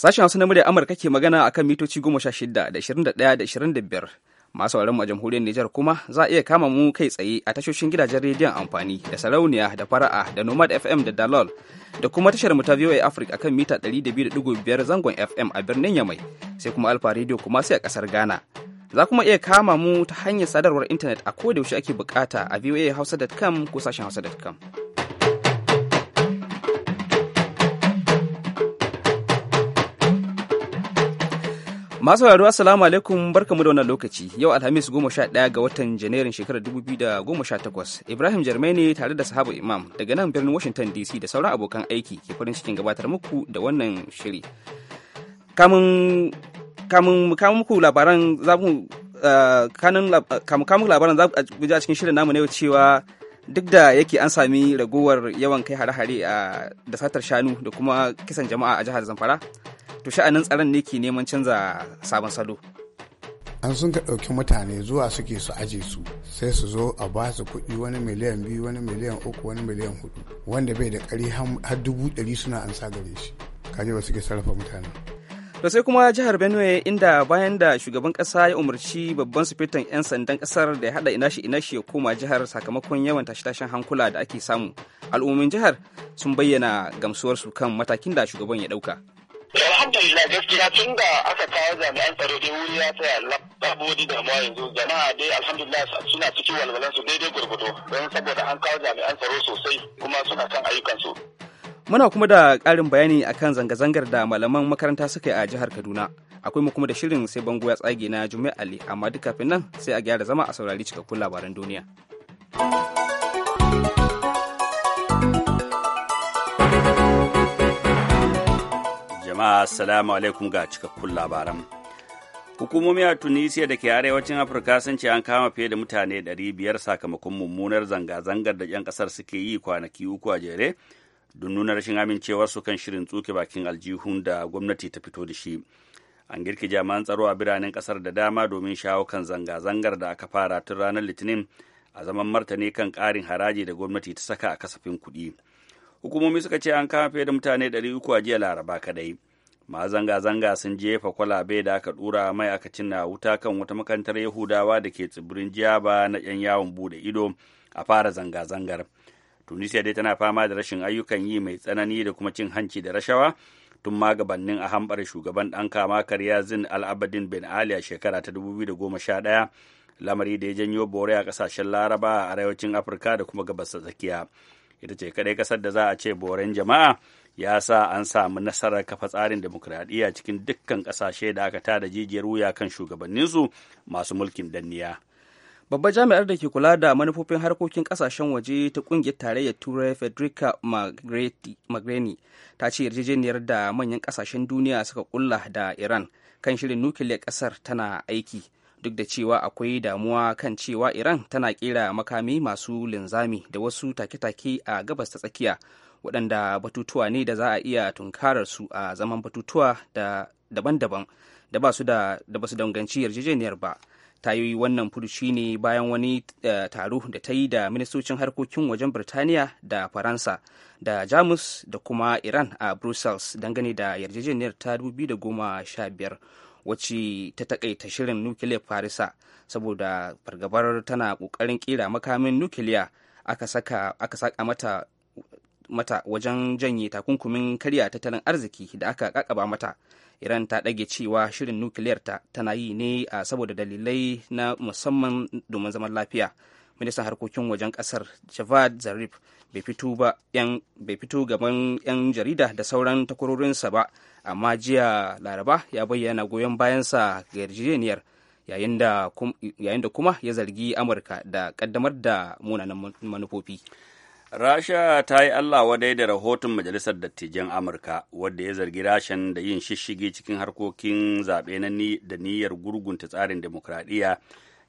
Sashen Hausa na murya Amurka ke magana a kan mitoci 16 da 21 da 25. Masu sauraron a jamhuriyar Nijar kuma za a iya kama mu kai tsaye a tashoshin gidajen rediyon amfani da sarauniya da fara'a da Nomad FM da Dalol da kuma tashar mu ta VOA Africa akan mita 200.5 zangon FM a birnin Yamai sai kuma Alfa Radio kuma sai a kasar Ghana. Za kuma iya kama mu ta hanyar sadarwar intanet a ko kodayaushe ake bukata a voahausa.com ko sashen hausa.com. Masu sauraro assalamu alaikum barkamu da wannan lokaci yau alhamis goma sha ɗaya ga watan janairun shekarar dubu biyu da goma sha takwas Ibrahim Jarmai ne tare da sahabu Imam daga nan birnin Washington DC da sauran abokan aiki ke farin cikin gabatar muku da wannan shiri. Kamun kamun muku labaran za eh, eh, eh, mu kanun kamun labaran za mu a cikin shirin namu ne cewa duk da yake an sami ragowar yawan kai hare-hare a da satar shanu da kuma kisan jama'a a jihar Zamfara to sha'anin tsaron ne ke neman canza sabon salo an sun ka ɗauki mutane zuwa suke su aje su sai su zo a ba su kuɗi wani miliyan biyu wani miliyan uku wani miliyan hudu wanda bai da ƙari har dubu ɗari suna an sa gare shi kaje ba suke sarrafa mutane da sai kuma jihar benue inda bayan da shugaban kasa ya umarci babban sufetan 'yan sandan kasar da ya hada inashi inashi ya koma jihar sakamakon yawan tashe-tashen hankula da ake samu al'ummin jihar sun bayyana gamsuwarsu kan matakin da shugaban ya dauka Eh, alhamdulillah gaskiya tun da aka kawo jami'an tsaro dai wuri ya tsaya babu wani damuwa yanzu jama'a dai alhamdulillah suna cikin walwalan su daidai gurgudo don saboda an kawo jami'an tsaro sosai kuma suna kan ayyukansu. Muna kuma da ƙarin bayani akan zanga-zangar da malaman makaranta suka yi a jihar Kaduna. Akwai mu kuma da shirin sai bango ya tsage na Jumi'a Ali, amma duk kafin nan sai a gyara zama a saurari cikakkun labaran duniya. jama'a assalamu alaikum ga cikakkun labaran hukumomi a tunisia da ke arewacin afirka sun ce an kama fiye da mutane 500 sakamakon mummunar zanga-zangar da 'yan kasar suke yi kwanaki uku a jere don nuna rashin amincewar su kan shirin tsuke bakin aljihun da gwamnati ta fito da shi an girki jami'an tsaro a biranen kasar da dama domin shawo kan zanga-zangar da aka fara tun ranar litinin a zaman martani kan karin haraji da gwamnati ta saka a kasafin kuɗi hukumomi suka ce an kama fiye da mutane 300 a jiya laraba kadai ma zanga-zanga sun jefa kwalabe da aka dura mai aka cinna wuta kan wata makantar yahudawa da ke tsibirin jiyaba na 'yan yawon bude ido a fara zanga-zangar tunisia dai tana fama da rashin ayyukan yi mai tsanani da kuma cin hanci da rashawa tun ma gabanin a hambar shugaban ɗan kama karya zin al'abadin ben ali a shekara ta 2011 lamari da ya janyo bore a kasashen laraba a arewacin afirka da kuma gabas tsakiya ita ce kadai kasar da za a ce boren jama'a ya sa an samu nasarar kafa tsarin demokuraɗiyya cikin dukkan ƙasashe da aka tada jijiyar wuya kan shugabanninsu masu mulkin danniya. Babbar jami'ar da ke kula da manufofin harkokin kasashen waje ta kungiyar tarayyar Turai Federica Magreni ta ce yarjejeniyar da manyan kasashen duniya suka kulla da Iran kan shirin nukiliyar kasar tana aiki duk da cewa akwai damuwa kan cewa Iran tana kera makami masu linzami da wasu take-take a gabas ta tsakiya waɗanda batutuwa ne da za a iya tunkarar su a zaman batutuwa da daban-daban da ba su da ba su danganci yarjejeniyar ba ta yi wannan furuci ne bayan wani eh, taro da ta yi da ministocin harkokin wajen birtaniya da faransa da jamus da kuma iran a brussels dangane da yarjejeniyar ta 2015 wacce ta takaita shirin nukiliyar farisa saboda fargabar tana kokarin kera makamin nukiliya aka saka mata mata wajen janye takunkumin karya tattalin arziki da aka kakaba mata iran ta ɗage cewa shirin nukiliyarta tana yi ne a saboda dalilai na musamman domin zaman lafiya ministan harkokin wajen kasar javad zarif bai fito gaban 'yan jarida da sauran takwarorinsa ba amma jiya laraba ya bayyana goyon bayansa ga yarjejeniyar yayin da kuma ya zargi amurka da kaddamar da munanan manufofi Rasha ta yi Allah wadai da rahoton Majalisar Dattijan Amurka, wadda ya zargi Rashan da yin shishigi cikin harkokin zaɓe na da niyyar gurgunta tsarin demokradiyya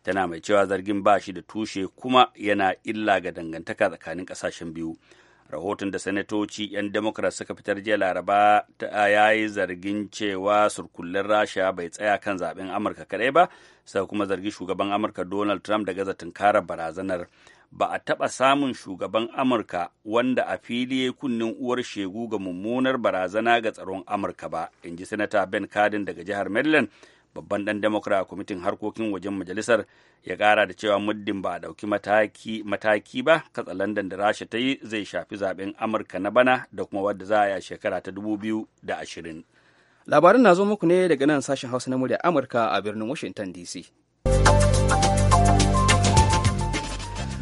tana mai cewa zargin ba shi da tushe kuma yana illa ga dangantaka tsakanin ƙasashen biyu. Rahoton da sanatoci 'yan Democrat suka fitar jiya Laraba ya yi zargin cewa surkullen Rasha bai tsaya kan zaɓen Amurka kaɗai ba, sai kuma zargi shugaban Amurka Donald Trump da gaza tunkarar barazanar. ba a taɓa samun shugaban Amurka wanda a fili ya kunnen uwar shegu ga mummunar barazana ga tsaron Amurka ba, in ji Sanata Ben Cardin daga jihar Maryland, babban ɗan Democrat kwamitin harkokin wajen majalisar ya ƙara da cewa muddin ba a ɗauki mataki, mataki ba, katsalandan da Rasha ta yi zai shafi zaɓen Amurka na bana da kuma wadda za a yi a shekara ta 2020. Labarin na zo muku ne daga nan sashen Hausa na murya Amurka a birnin Washington DC.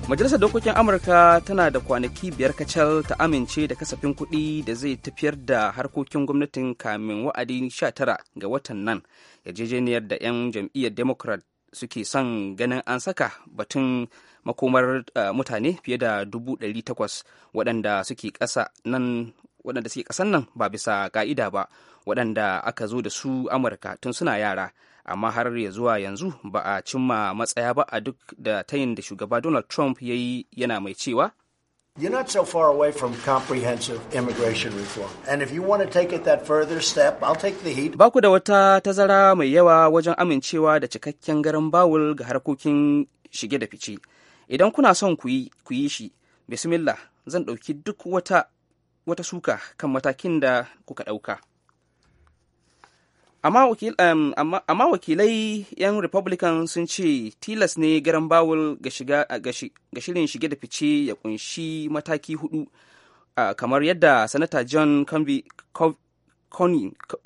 majalisar dokokin amurka tana da kwanaki biyar kacal ta amince da kasafin kuɗi da zai tafiyar da harkokin gwamnatin kamin wa'adi 19 ga watan nan yarjejeniyar da 'yan jam'iyyar democrat suke son ganin an saka batun makomar eh, mutane fiye da 800 waɗanda suke ƙasa nan waɗanda suke ƙasan nan ba bisa ƙa'ida ba waɗanda aka zo da su amurka tun suna yara amma har ya zuwa yanzu ba a cimma matsaya ba a duk da tayin da shugaba donald trump ya yi yana mai cewa You're not so far away from comprehensive immigration reform. And if you want to take it that further step, I'll take the heat. Baku da wata tazara mai yawa wajen amincewa da cikakken garin bawul ga harkokin shige da fice. Idan kuna son ku yi shi, bismillah zan ɗauki duk wata wata suka kan matakin da kuka ɗauka. Amma wakilai 'yan Republican sun ce tilas ne garan bawul ga shirin shige da fice ya kunshi mataki hudu kamar yadda Sanata John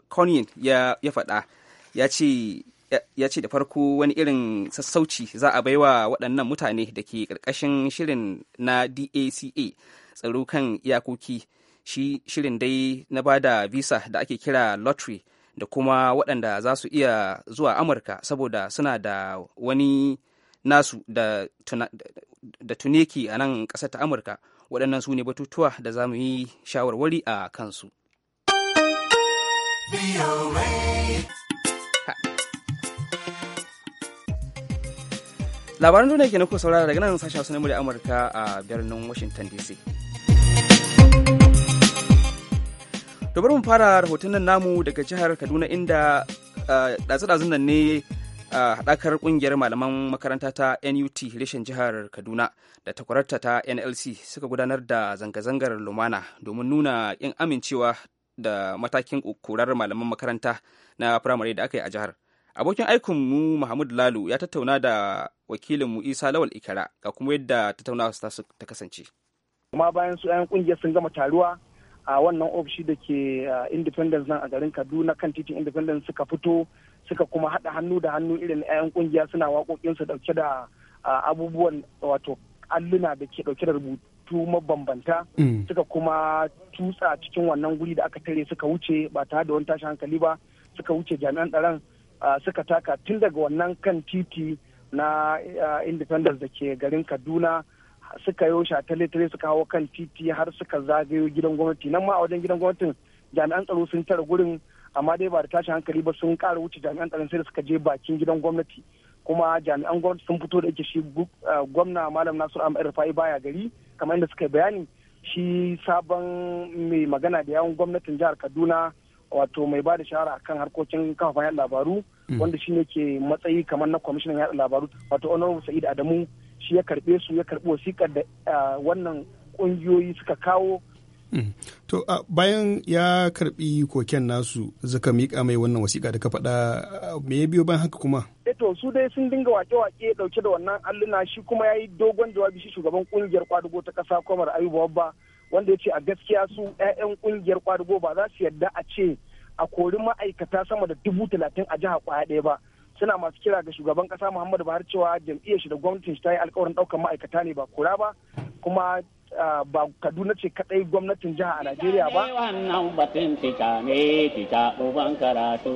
Conyin ya faɗa ya ce ya ce da farko wani irin sassauci za a baiwa waɗannan mutane da ke ƙarƙashin shirin na daca tsaro kan iyakoki shi shirin dai na ba da visa da ake kira lottery da kuma waɗanda za su iya zuwa amurka saboda suna da wani nasu da, tuna, da tuneki a nan ƙasar ta amurka waɗannan su ne batutuwa da za mu yi shawarwari a kansu labaran duniya ke na kusa saurara daga nan sashen sunan na amurka a birnin washington dc to bari mu fara rahoton namu daga jihar kaduna inda eh, ɗazu-ɗazun nan ne eh, haɗakar ƙungiyar malaman makaranta ta nut reshen jihar kaduna da takwararta ta nlc suka gudanar da zanga-zangar lumana domin nuna in amincewa da matakin korar malaman makaranta na firamare da aka yi a jihar abokin aikinmu Muhammad lalu ya tattauna da wakilinmu isa lawal ikara ga kuma yadda tattaunawa ta kasance kuma bayan su ƴan ƙungiyar sun gama taruwa a wannan ofishi da ke independence nan a garin kaduna kan titin independence suka fito suka kuma haɗa hannu da hannu irin 'ya'yan kungiya suna waƙoƙinsu ɗauke da abubuwan wato alluna da ke ɗauke da rubutu mabambanta mm. suka kuma tutsa cikin wannan guri da aka tare suka wuce ba tare da wani tashin hankali ba suka wuce jami'an tsaron suka taka tun daga wannan kan titi na independence da ke garin kaduna suka yi wusha a tale suka hawo kan titi har suka zagayo gidan gwamnati nan ma a wajen gidan gwamnatin jami'an tsaro sun tara gurin amma dai ba da tashi hankali ba sun kara wuce jami'an tsaron sai da suka je bakin gidan gwamnati kuma jami'an gwamnati sun fito da ake shi eh, gwamna malam nasu amir rufai baya gari kamar yadda suka yi bayani shi sabon mai magana da yawon gwamnatin jihar kaduna wato mai ba da shahara akan harkokin kafafen yaɗa labaru mm. wanda shine ke matsayi kamar na kwamishinan yaɗa labaru wato honorable sa'id adamu shi ya karbe su ya karbi wasiƙar da wannan ƙungiyoyi suka kawo mm. To bayan ya karbi koken nasu zaka miƙa mai wannan wasiƙa da ka faɗa me ya biyo bayan haka kuma? Eto su dai sun dinga wake-wake ɗauke da wannan alluna shi kuma ya yi dogon jawabi shi shugaban ƙungiyar kwadugo ta ƙasa kwamar Ayuba Babba wanda ya ce a gaskiya su 'ya'yan ƙungiyar kwadugo ba za su yarda a ce a kori ma'aikata sama da dubu talatin a jiha kwaya ɗaya ba. suna masu kira ga shugaban kasa muhammadu buhari cewa jam'iyyar shi da gwamnatin shi ta yi alkawarin ɗaukar ma'aikata ne ba kura ba kuma ba kaduna ce kadai gwamnatin jiha a najeriya ba wannan batun fita ne fita uban karatu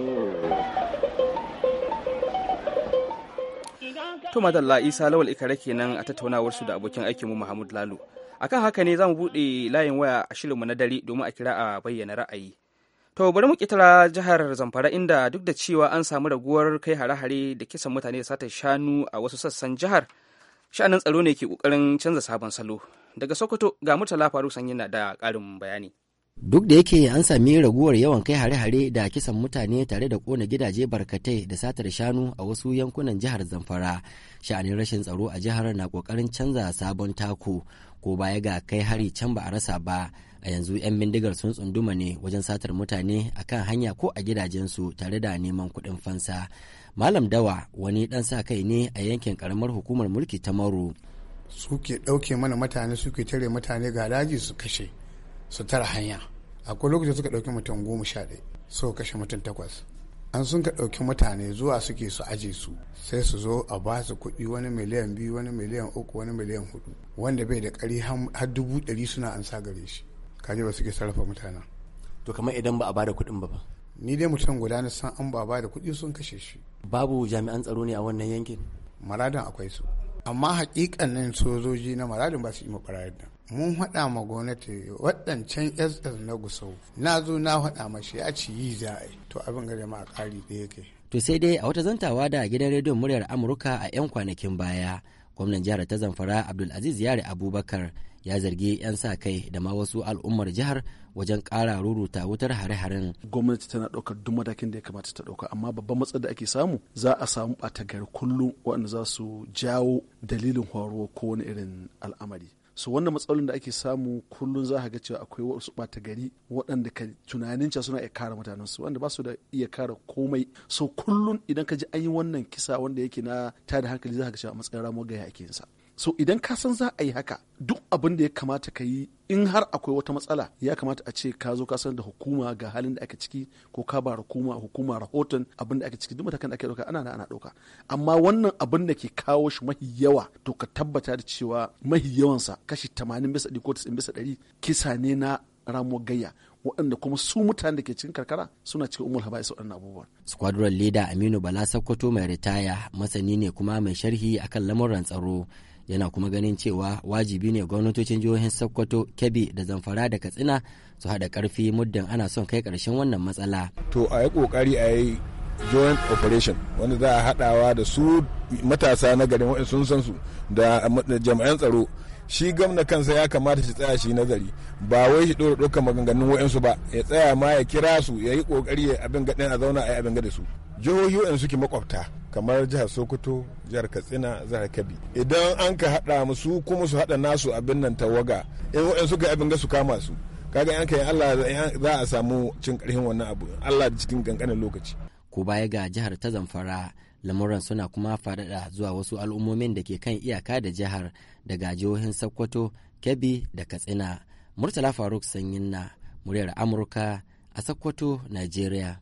to madalla isa lawal ikare kenan a tattaunawar su da abokin aikinmu muhammadu lalo akan haka ne zamu mu buɗe layin waya a shirinmu na dare domin a kira a bayyana ra'ayi To bari mu kitara jihar Zamfara inda duk da cewa an samu raguwar kai hare-hare da kisan mutane da satar shanu a wasu sassan jihar, sha'anin tsaro ne ke kokarin canza sabon salo. Daga Sokoto ga Murtala faru-sanyi yana da ƙarin bayani. Duk da yake an sami raguwar yawan kai hare-hare da kisan mutane tare da kona gidaje barkatai da satar shanu a wasu yankunan jihar Zamfara, sha'anin rashin tsaro a jihar na kokarin canza sabon tako ko baya ga kai hari can ba a rasa ba a yanzu 'yan bindigar sun tsunduma ne wajen satar mutane a kan hanya ko a gidajensu tare da neman kuɗin fansa malam dawa wani ɗan sa kai ne a yankin karamar hukumar mulki ta maru suke ɗauke mana mutane suke tare mutane ga daji su kashe su tara hanya akwai lokacin suka ɗauki mutum goma sha ɗaya so kashe mutum takwas an sun ka ɗauki mutane zuwa suke su aje su sai su zo a ba su kuɗi wani miliyan biyu wani miliyan uku wani miliyan hudu wanda bai da ƙari har dubu ɗari suna an sa gare shi kaji ba suke sarrafa mutanen to kamar idan ba a bada kuɗin ba ni dai mutum guda na san an ba bada kuɗi sun kashe shi babu jami'an tsaro ne a wannan yankin maradin akwai su amma hakikanin sojoji na maradin ba su yi mafarar da mun haɗa ma gwamnati waɗancan ss na gusau na zo na haɗa ma shi. ya ci yi za a yi to abin ma a ƙari da yake to sai dai a wata zantawa da gidan rediyon muryar amurka a 'yan kwanakin baya gwamnan jihar ta zamfara abdulaziz yare abubakar ya zargi 'yan sa kai da ma wasu al'ummar jihar wajen ƙara ruruta wutar hare-haren. Gwamnati tana ɗaukar duk matakin da ya kamata ta ɗauka amma babban matsalar da ake samu za a samu ɓata gari kullum waɗanda za su jawo dalilin horo ko wani irin al'amari. su wannan matsalolin da ake samu kullum za ka ga cewa akwai wasu ɓata gari waɗanda ka tunanin cewa suna iya kare mutanen su wanda ba su da iya kare komai so kullum idan ka ji an yi wannan kisa wanda yake na tada hankali za ka ga cewa a matsayin ramuwar gaya ake yin sa so idan ka san za a yi haka duk abin da ya kamata ka yi in har akwai wata matsala ya kamata a ce ka zo ka san da hukuma ga halin da ake ciki ko ka ba hukuma hukuma rahoton abin da ake ciki duk matakan da ake dauka ana ana dauka amma wannan abin da ke kawo shi mahi yawa to ka tabbata da cewa mahi yawansa kashi 80 bisa 100 ko 90 bisa 100 kisa ne na ramuwar gayya waɗanda kuma su mutane da ke cikin karkara suna cikin umar haba'is waɗannan abubuwa. Squadron leader Aminu Bala Sokoto mai ritaya masani ne kuma mai sharhi akan lamuran tsaro yana kuma ganin cewa wajibi ne gwamnatocin jihohin sokoto kebbi da zamfara da katsina su haɗa karfi muddin ana son kai karshen wannan matsala to a yi ƙoƙari a yi joint operation wanda za a haɗawa da su matasa na garin waɗanda sun san su da jami'an tsaro shi gwamna kansa ya kamata shi tsaya shi nazari ba wai shi dora dukkan maganganun wa'ansu ba ya tsaya ma ya kira su ya yi kokari ya abin gaɗin a zauna a yi abin gaɗe su jihohi wa'ansu suke makwabta kamar jihar sokoto jihar katsina jihar kabi idan an ka haɗa musu kuma su haɗa nasu abin nan tawaga in wa'in suka abin ga su kama su kaga yanka yi Allah za a samu cin ƙarfin wannan abu Allah da cikin kankanin lokaci ko baya ga jihar ta zamfara lamuran suna kuma faɗaɗa zuwa wasu al'ummomin da ke kan iyaka da jihar daga jihohin sokoto kebbi da katsina murtala faruk sanyin na muryar amurka a sokoto nigeria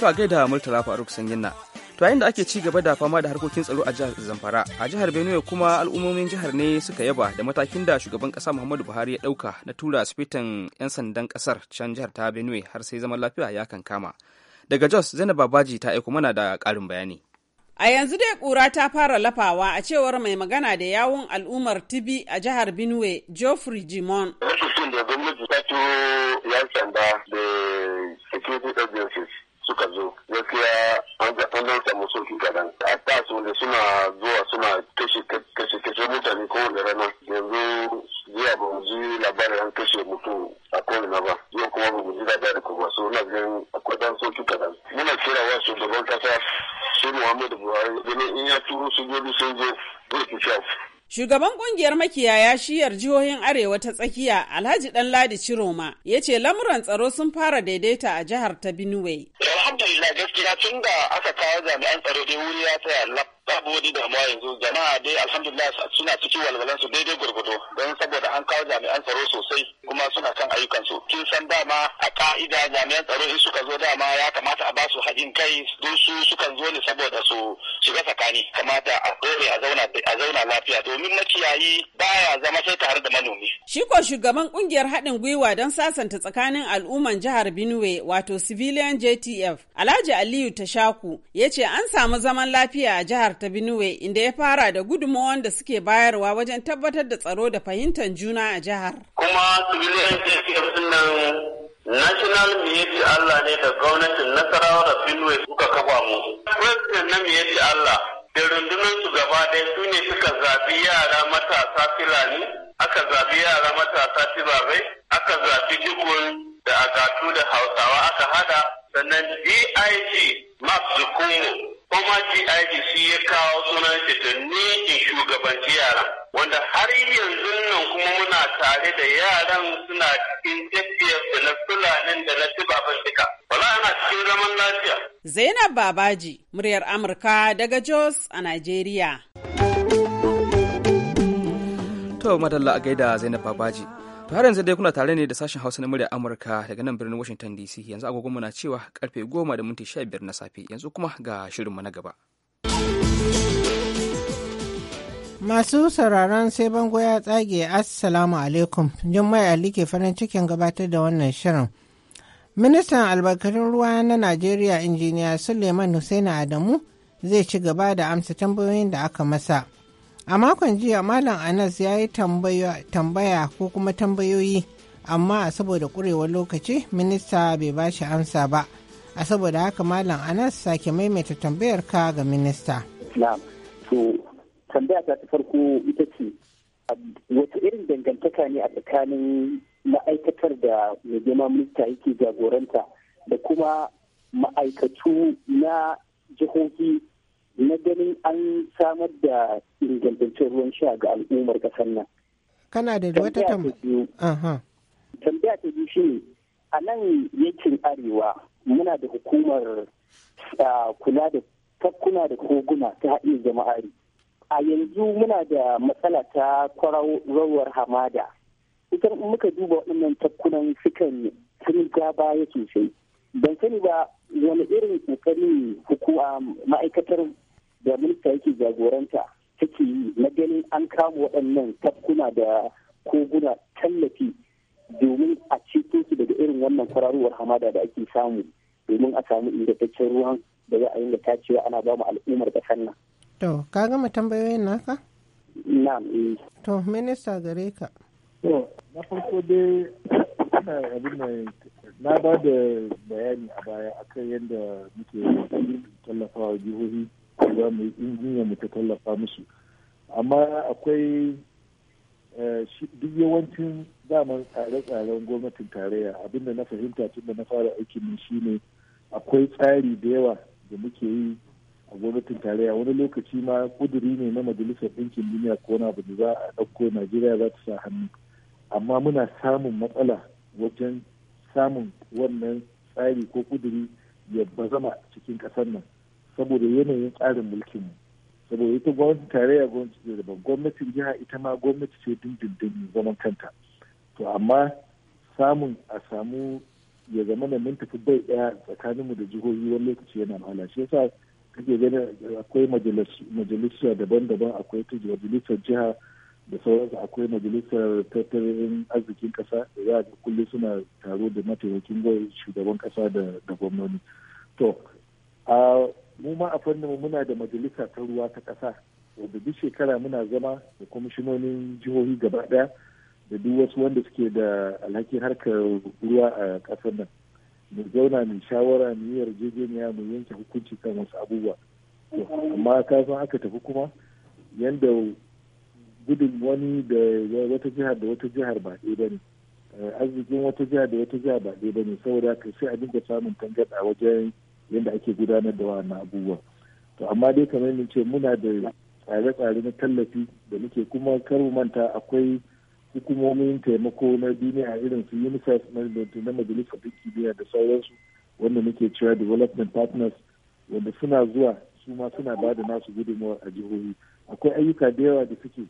To a gaida Murtala Faruk Sanginna. to yayin da ake ci gaba da fama da harkokin tsaro a jihar zamfara a jihar benue kuma al'ummomin jihar ne suka yaba da matakin da shugaban kasa muhammadu buhari ya dauka na tura asibitin yan sandan kasar can jihar ta benue har sai zaman lafiya ya kama daga jos zainab babaji ta aiko mana da karin bayani A yanzu dai ƙura ta fara lafawa a cewar mai magana da yawun al'ummar Tibi a jihar Benue, Geoffrey Jimon. da gwamnati ta yan sanda da security agencies suka zo gaskiya an dan samu sauki kadan hatta su da suna zuwa suna kashe kashe mutane kowane rana yanzu jiya ba ji labarin an kashe mutum a kowane ba yau kuma ba mu ji labarin kuma so na ganin akwai dan sauki kadan muna kira wa shugaban kasa shi Muhammadu Buhari ganin in ya turo sojoji sun zo zai fi Shugaban kungiyar makiyaya shiyar jihohin Arewa ta tsakiya Alhaji Danladi Ciroma ya ce lamuran tsaro sun fara daidaita a jihar ta Benue. Alhamdulillah gaskiya tun da aka kawo jami'an tsaro dai wuri ya tsaya babu wani damuwa yanzu jama'a dai alhamdulillah suna cikin walwalansu daidai gurgudo don saboda an kawo jami'an tsaro sosai kuma suna kan ayyukansu kin san dama a ka'ida jami'an tsaro in suka zo dama ya kamata a basu haɗin kai don su sukan zo ne saboda su shiga tsakani kamata a dore a zauna a zauna lafiya domin makiyayi baya zama sai tare da manomi shi ko shugaban kungiyar haɗin gwiwa don sasanta tsakanin al'umman jihar Benue wato civilian JTF Alhaji Aliyu Tashaku ya ce an samu zaman lafiya a jihar ta Benue inda ya fara da gudunmawar da suke bayarwa wajen tabbatar da tsaro da fahimtar juna a jihar. Kuma civilian JPF nan National Miyeti Allah ne da gwamnatin Nasarawa da Benue suka kafa mu. President na Miyeti Allah da rundunar su gaba ɗaya su ne suka zaɓi yara matasa Filani, aka zaɓi yara matasa Tibabai, aka zaɓi Jikun da Agatu da Hausawa aka hada sannan DIG kuma GIG ya kawo sunan shi shugabanci yaran wanda har yanzu nan kuma muna tare da yaran suna cikin tafiyar da na fulanin da na tubaban duka wala ana cikin zaman lafiya Zainab Babaji muryar Amurka daga Jos a Najeriya To madalla a gaida Zainab Babaji to har yanzu dai kuna tare ne da sashen hausa na murya amurka daga nan birnin washington dc yanzu agogonmu na cewa karfe goma da minti sha biyar na safe yanzu kuma ga shirinmu na gaba masu sauraron sai bango ya tsage assalamu alaikum jummai ali ke farin cikin gabatar da wannan shirin ministan albarkatun ruwa na najeriya injiniya suleiman hussein adamu zai ci gaba da amsa tambayoyin da aka masa A makon jiya Malam Anas ya yi tambaya ko kuma tambayoyi amma saboda kurewar lokaci minista bai ba shi amsa ba. A saboda haka Malam Anas sake maimaita tambayar ka ga minista. tambaya ta farko ita ce wata irin dangantaka ne a tsakanin ma'aikatar da mai minista yake jagoranta da kuma ma'aikatu na jihohi na ganin an samar da ingantaccen ruwan sha ga al'ummar ƙasar nan. Kana da wata tambaya? Tambaya ta biyu shi a nan yankin arewa muna da hukumar kula da tafkuna da koguna ta haɗin jama'ari. A yanzu muna da matsala ta kwararwar hamada. Ita muka duba waɗannan tafkunan sukan sun gaba baya sosai. ban sani ba wani irin ne hukuma ma'aikatar da minista yake jagoranta take yi na ganin an kama waɗannan tafkuna da koguna tallafi domin a ceto su daga irin wannan kwararowar hamada da ake samu domin a samu ingantaccen ruwan da za a yi da tacewa ana ba mu al'ummar ƙasar nan. To, ka gama tambayoyin naka? Na'am. Eh. To, minista gare ka. To, na farko dai abin da na ba da bayani a baya akan yadda muke tallafa wa jihohi za mu yi injiniya mu ta tallafa musu amma akwai eh, duk yawancin zaman tsare-tsaren gwamnatin tarayya da na fahimta tun da na fara aikin shi ne akwai tsari da yawa da muke yi a gwamnatin tarayya wani lokaci ma kuduri ne na majalisar ɗinkin duniya ko na abu da za a ɗauko najeriya za ta sa hannu amma muna samun matsala wajen samun wannan tsari ko kuduri ya bazama cikin ƙasar nan saboda yanayin tsarin mulkin mu saboda ita gwamnati tarayya gwamnati ce daban gwamnatin jiha ita ma gwamnati ce dindindin zaman kanta to amma samun a samu ya zama da mun tafi bai daya mu da jihohi wani lokaci yana wahala shi yasa kake ganin akwai majalisa daban-daban akwai ta majalisar jiha da sauransu akwai majalisar tattalin arzikin kasa da za a kulle kullum suna taro da mataimakin shugaban kasa da gwamnoni to a mu ma a fannin muna da majalisa ta ruwa ta kasa wadda duk shekara muna zama da kwamishinonin jihohi gaba daya da duk wasu wanda suke da alhakin harkar ruwa a kasar nan mu zauna mu shawara mu yi yarjejeniya mu yanke hukunci kan wasu abubuwa amma kasan aka tafi kuma yanda gudun wani da wata jihar da wata jihar ba ɗaya ba ne eh, arzikin wata jihar da wata jihar ba ɗaya ba ne saboda haka sai a dinga samun tangarɗa a wajen yadda ake gudanar da wannan abubuwa to amma dai kamar yadda ce muna da tsare-tsare na tallafi da muke kuma kar manta akwai hukumomin taimako na duniya irin su unicef na majalisar ɗinki duniya da sauransu wanda muke cewa development partners wanda suna zuwa su ma suna ba da nasu gudunmawar a jihohi akwai ayyuka da yawa da suke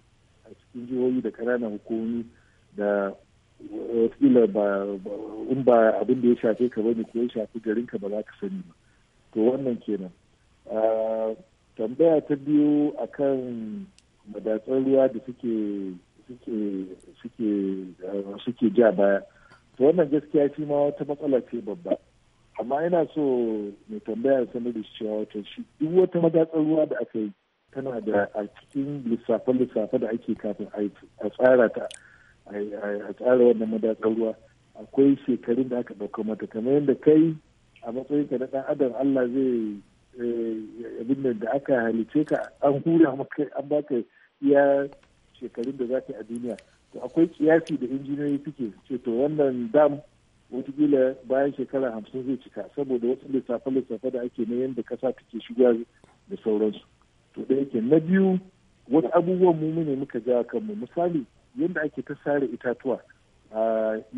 a cikin jihohi da kananan hukumomi da eh, wakila ba in ba abin da ya shafe ka bane ko ya shafi garin ka ba za ka sani ba to wannan kenan ah, tambaya ta biyu akan madatsar ruwa da ah, suke ja baya to wannan gaskiya shi ma wata matsala ce babba amma yana so mai tambaya sanar da shi cewa wata shi duk wata madatsar ruwa da aka yi tana da a cikin lissafe-lissafe da ake kafin a tsara ta a tsara wannan madatsar ruwa akwai shekarun da aka ɗauka mata kamar yadda kai a matsayin ka na ɗan adam Allah zai eh, abin da aka halice ka an hura maka an baka iya shekarun da za ka a duniya to akwai kiyasi da injiniyoyi suke ce to wannan dam wataƙila bayan shekara hamsin zai cika saboda wasu lissafe-lissafe da ake na yadda kasa take shiga da sauransu to da yake na biyu wasu abubuwan mu mune muka ja mu misali yadda ake ta sare itatuwa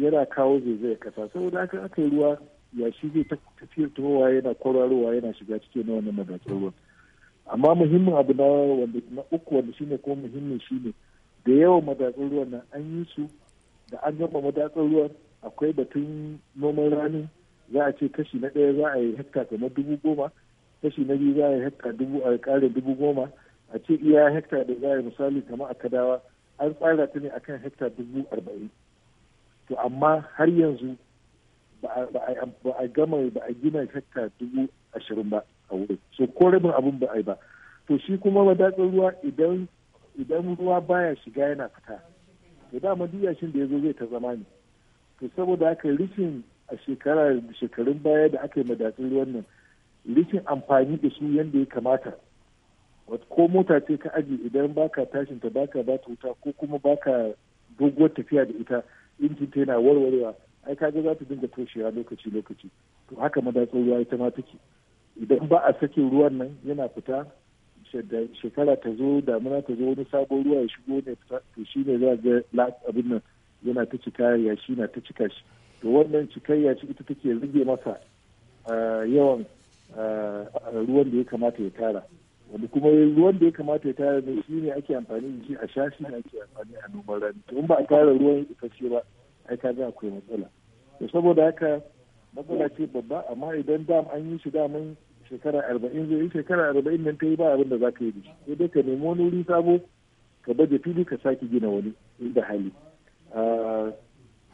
yana kawo zai kasa saboda haka aka yi ruwa yashi zai tafiyar tahowa yana kwararowa yana shiga ciki na wannan madatsar ruwan amma muhimmin abu na wanda na uku wanda shine ko muhimmin shine da yawan madatsun ruwan nan an yi su da an gama madatsun ruwan akwai batun noman rani za a ce kashi na ɗaya za a yi hekta kamar dubu goma kashi na biyu za a yi hekta dubu a kare dubu goma a ce iya hekta da za a yi misali kamar a kadawa an tsara ta ne akan hekta dubu arba'in to amma har yanzu ba a gama ba a gina hekta dubu ashirin ba a wuri so ko rabin abin ba a yi ba to shi kuma wadatsar ruwa idan ruwa baya shiga yana fita to dama duk da ya zo zai ta zama ne to saboda haka rishin a shekarar shekarun baya da aka yi madatsun ruwan nan rikin amfani da su yadda ya kamata ko mota ce ka aji idan baka tashin ta baka ba ta wuta ko kuma baka doguwar tafiya da ita injin ta yana warwarewa ai kaga za ta dinga toshewa lokaci lokaci to haka madatsar ruwa ita ma take idan ba a sake ruwan nan yana fita shekara ta zo damuna ta zo wani sabon ruwa ya shigo ne to shi ne za ga abin nan yana ta cika yashi na ta cika shi to wannan cikayya ce ita take rage masa ah, yawan ruwan da ya kamata ya tara wanda kuma ruwan da ya kamata ya tara ne shi ne ake amfani da shi a shashi ne ake amfani a noman rani to in ba a tara ruwan isasshe ba ai ka ga akwai matsala to saboda haka matsala ce babba amma idan dam an yi shi mun shekara arba'in zai yi shekara arba'in nan ta yi ba abin da za ka yi da shi sai dai ka nemi wani wuri sabo ka baje fili ka sake gina wani inda hali ah,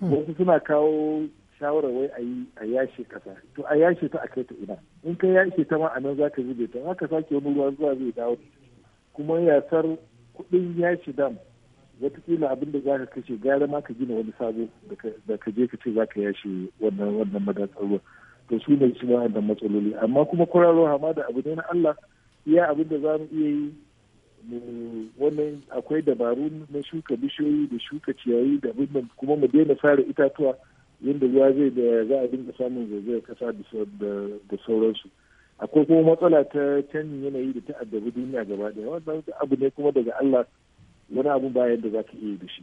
wasu suna kawo shawarar wai a yi a yashe kasa to a yashe ta a kai ta ina in ka yashe ta ma a nan za ka zube ta haka sake wani ruwa zuwa zai dawo kuma yasar kuɗin yashe dam watakila abin da za ka kashe gara ma ka gina wani sabo da ka je ka ce za ka yashe wannan wannan madatsar ruwa to su ne su da matsaloli amma kuma kwararo hamada abu ne na Allah iya abin da za mu iya yi wannan akwai dabaru na shuka bishiyoyi da shuka ciyayi da abin kuma mu daina sare itatuwa yadda ruwa zai da za a dinga samun zaizayar kasa da sauransu akwai kuma matsala ta canjin yanayi da ta addabi duniya gaba ɗaya wannan abu ne kuma daga Allah wani abu ba yadda za ka iya da shi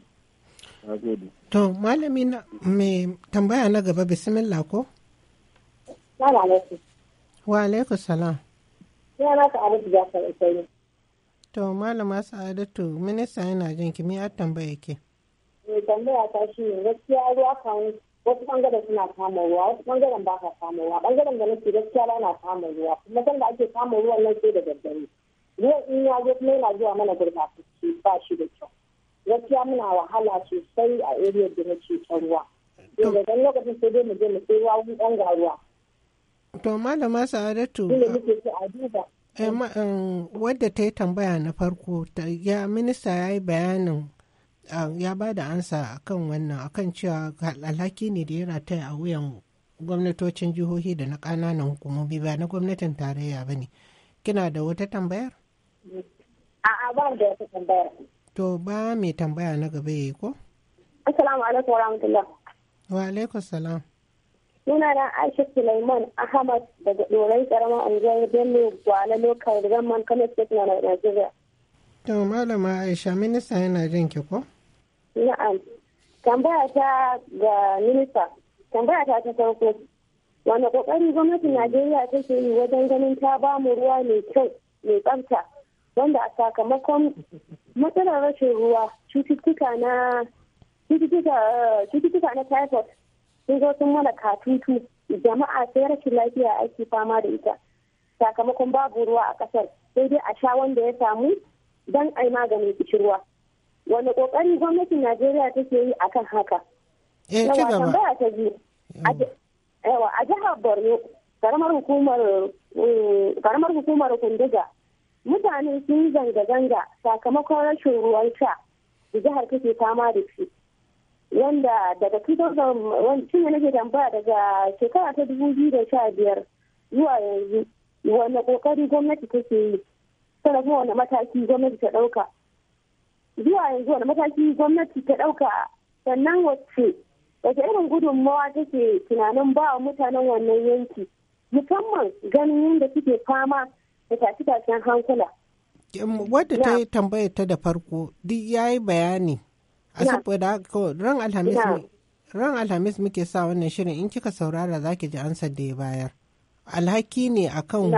to malami mai tambaya na gaba bismillah ko wa alaikum salam yana naka abu da ka sai to malama sa'adatu minista yana jin kimi a tambaya ke mai eh, tambaya ta shi ne gaskiya ruwa kawai wasu bangaren suna samun ruwa wasu bangaren ba sa samun ruwa bangaren da nake gaskiya ba na samun ruwa kuma san da ake samun ruwan nan sai da daddare ruwan in ya zo kuma yana zuwa mana gurbatacce ba shi da kyau gaskiya muna wahala sosai a area da nake ta ruwa yau da lokacin sai dai mu je mu sai ruwa wani dan ruwa to malama sa'adatu ne muke a duba eh, um, wadda ta yi tambaya na farko ya minista ya yi bayanin Ah, ya ba da ansa akan wannan akan cewa alhaki ne da ya rataya a wuyan gwamnatocin jihohi da na ƙananan hukumomi ba na gwamnatin tarayya ba ne kina da wata tambayar? a'a ba da wata tambayar to ba mai tambaya na gaba yayi ko? assalamu alaikum wa rahmatullah wa alaikum salam muna da aisha suleiman ahmad daga dorai karamar anguwar bello gwale lokal zaman kano state na nigeria to malama aisha minista yana jin ki ko? Na'am. Tambaya ta ga minista. Tambaya ta ta farko. Wane kokari gwamnatin Najeriya take yi wajen ganin ta ba mu ruwa mai kyau mai tsafta wanda a sakamakon matsalar rashin ruwa cututtuka na eh, cututtuka na typhoid sun zo sun mana katutu jama'a sai rashin lafiya ake fama da ita sakamakon babu ruwa a ƙasar sai dai a sha wanda ya samu don ai maganin ruwa. wani kokari gwamnatin najeriya take yi akan haka eh ci tambaya ta biyu a jihar borno karamar eh, hukumar kunduga mutane sun yi zanga-zanga sakamakon rashin ruwan sha da jihar take fama da shi wanda daga 2000 wani shi ne nake tambaya daga shekara ta 2015 zuwa yanzu wani kokari gwamnati take yi sannan wani mataki gwamnati ta ɗauka zuwa yanzu wani mataki gwamnati ta ɗauka sannan wacce wace irin gudunmawa take tunanin ba wa mutanen wannan yanki musamman ganin yadda suke fama da tafi tafiyan hankula. Wadda ta yi tambayar ta da farko duk ya yi bayani a saboda ran alhamis ran alhamis muke sa wannan shirin in kika saurara za ki ji ansar da ya bayar alhaki ne akan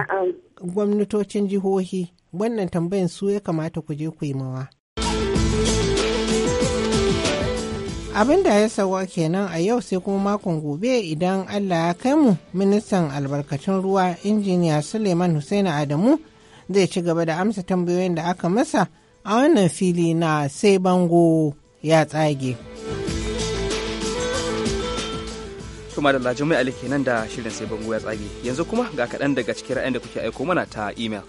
gwamnatocin jihohi wannan tambayan su ya kamata ku je ku yi mawa Abin da ya sawa kenan a yau sai kuma makon gobe idan Allah ya kai mu ministan albarkatun ruwa injiniya Suleiman Hussein Adamu zai ci gaba da amsa tambayoyin da aka masa a wannan fili na sai bango ya tsage. kuma da Lajimai Ali kenan da shirin sai bango ya tsage yanzu kuma ga kaɗan daga cikin ra'ayin da kuke aiko mana ta imel.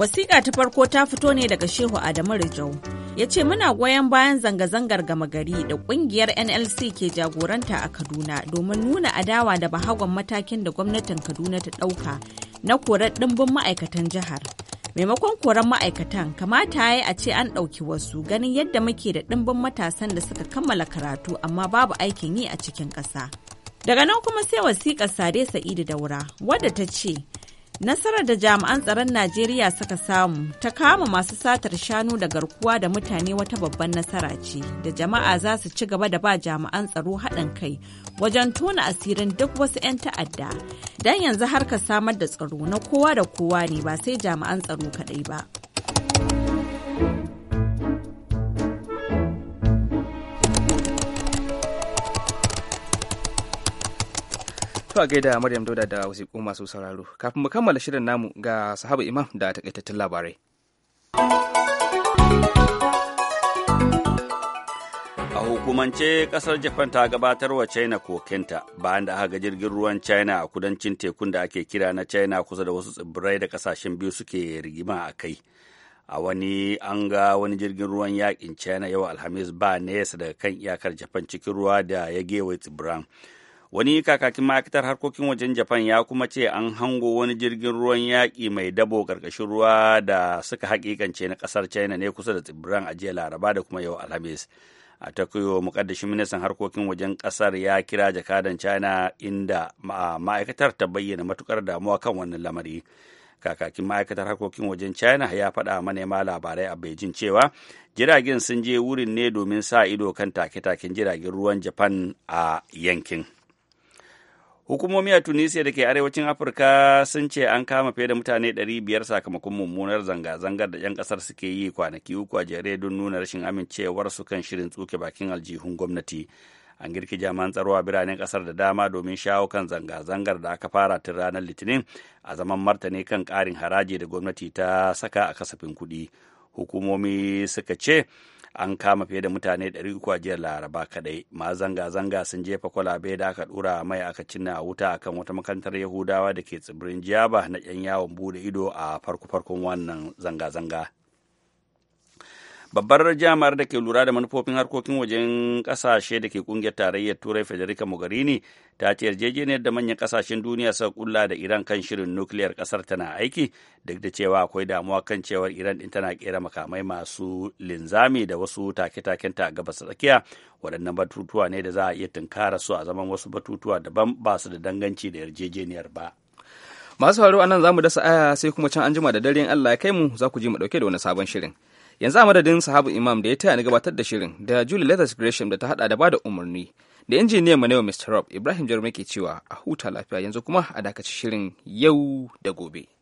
Wasiƙa ta farko ta fito ne daga Shehu Adamu Rijau. Ya ce muna goyon bayan zanga-zangar gama gari da ƙungiyar NLC ke jagoranta a Kaduna domin nuna adawa da bahagon matakin da gwamnatin Kaduna ta ɗauka na korar ɗimbin ma'aikatan jihar. Maimakon koran ma'aikatan kamata ya yi a ce an ɗauki wasu ganin yadda muke da ɗimbin matasan da suka kammala karatu amma babu aikin yi a cikin ƙasa. Daga nan kuma sai wasiƙar Sade Sa'idu Daura wadda ta ce Nasarar da jami'an tsaron Najeriya suka samu ta kama masu satar shanu da garkuwa da mutane wata babban nasara ce da jama'a za su ci gaba da ba jami'an tsaro haɗin kai wajen tona asirin duk wasu 'yan ta'adda. Don yanzu harkar samar da tsaro na kowa da kowa ne ba sai jami'an tsaro kaɗai ba. To a gaida Maryam Dauda da wasiƙu masu sauraro. Kafin mu kammala shirin namu ga sahaba Imam da takaitattun labarai. A hukumance kasar Japan ta gabatar wa China kokenta bayan da aka ga jirgin ruwan China a kudancin tekun da ake kira na China kusa da wasu tsibirai da kasashen biyu suke rigima a kai. A wani an ga wani jirgin ruwan yakin China yau Alhamis ba nesa daga kan iyakar Japan cikin ruwa da ya gewaye tsibiran. wani kakakin ma'aikatar harkokin wajen japan ya kuma ce an hango wani jirgin ruwan yaƙi mai dabo ƙarƙashin ruwa da suka haƙiƙance na ƙasar china ne kusa da tsibiran a jiya laraba da kuma yau alhamis a tokyo mukaddashin ministan harkokin wajen ƙasar ya kira jakadan china inda ma'aikatar ta bayyana matukar damuwa kan wannan lamari kakakin ma'aikatar harkokin wajen china ya faɗa manema labarai a beijing cewa jiragen sun je wurin ne domin sa ido kan take-taken jiragen ruwan japan a yankin. Hukumomi a Tunisia da ke arewacin Afirka sun ce an kama fiye da mutane 500 sakamakon mummunar zanga-zangar da 'yan kasar suke yi kwanaki uku a jere don nuna rashin amincewar su kan shirin tsuke bakin aljihun gwamnati. An girki jami'an tsaro a biranen kasar da dama domin shawo kan zanga-zangar da aka fara tun ranar Litinin a zaman martani kan ƙarin haraji da gwamnati ta saka a kasafin kuɗi. Hukumomi suka ce an kama fiye da mutane 300 a jiya laraba kadai ma zanga-zanga sun jefa kwalabe da aka dura mai aka cinna a wuta akan wata makantar yahudawa da ke tsibirin jiyaba na yan yawon bude ido a farko-farkon wannan zanga-zanga babbar jami'ar da ke lura da manufofin harkokin wajen kasashe da ke kungiyar tarayyar turai federica mogherini ta ce yarjejeniyar da manyan kasashen duniya suka kulla da iran kan shirin nukiliyar kasar tana aiki duk da cewa akwai damuwa kan cewar iran din tana kera makamai masu linzami da wasu take-taken ta a gabas tsakiya waɗannan batutuwa ne da za a iya tunkara su a zaman wasu batutuwa daban ba su da danganci da yarjejeniyar ba. masu haro anan za mu dasa aya sai kuma can anjima da daren allah ya kai mu za ku ji mu ɗauke da wani sabon shirin. yanzu a madadin sahabu imam da ya taya ni gabatar da shirin da julie letters gresham da ta hada da bada umarni da injiniyan mu yau mr rob ibrahim jarumai ke cewa a huta lafiya yanzu kuma a dakaci shirin yau da gobe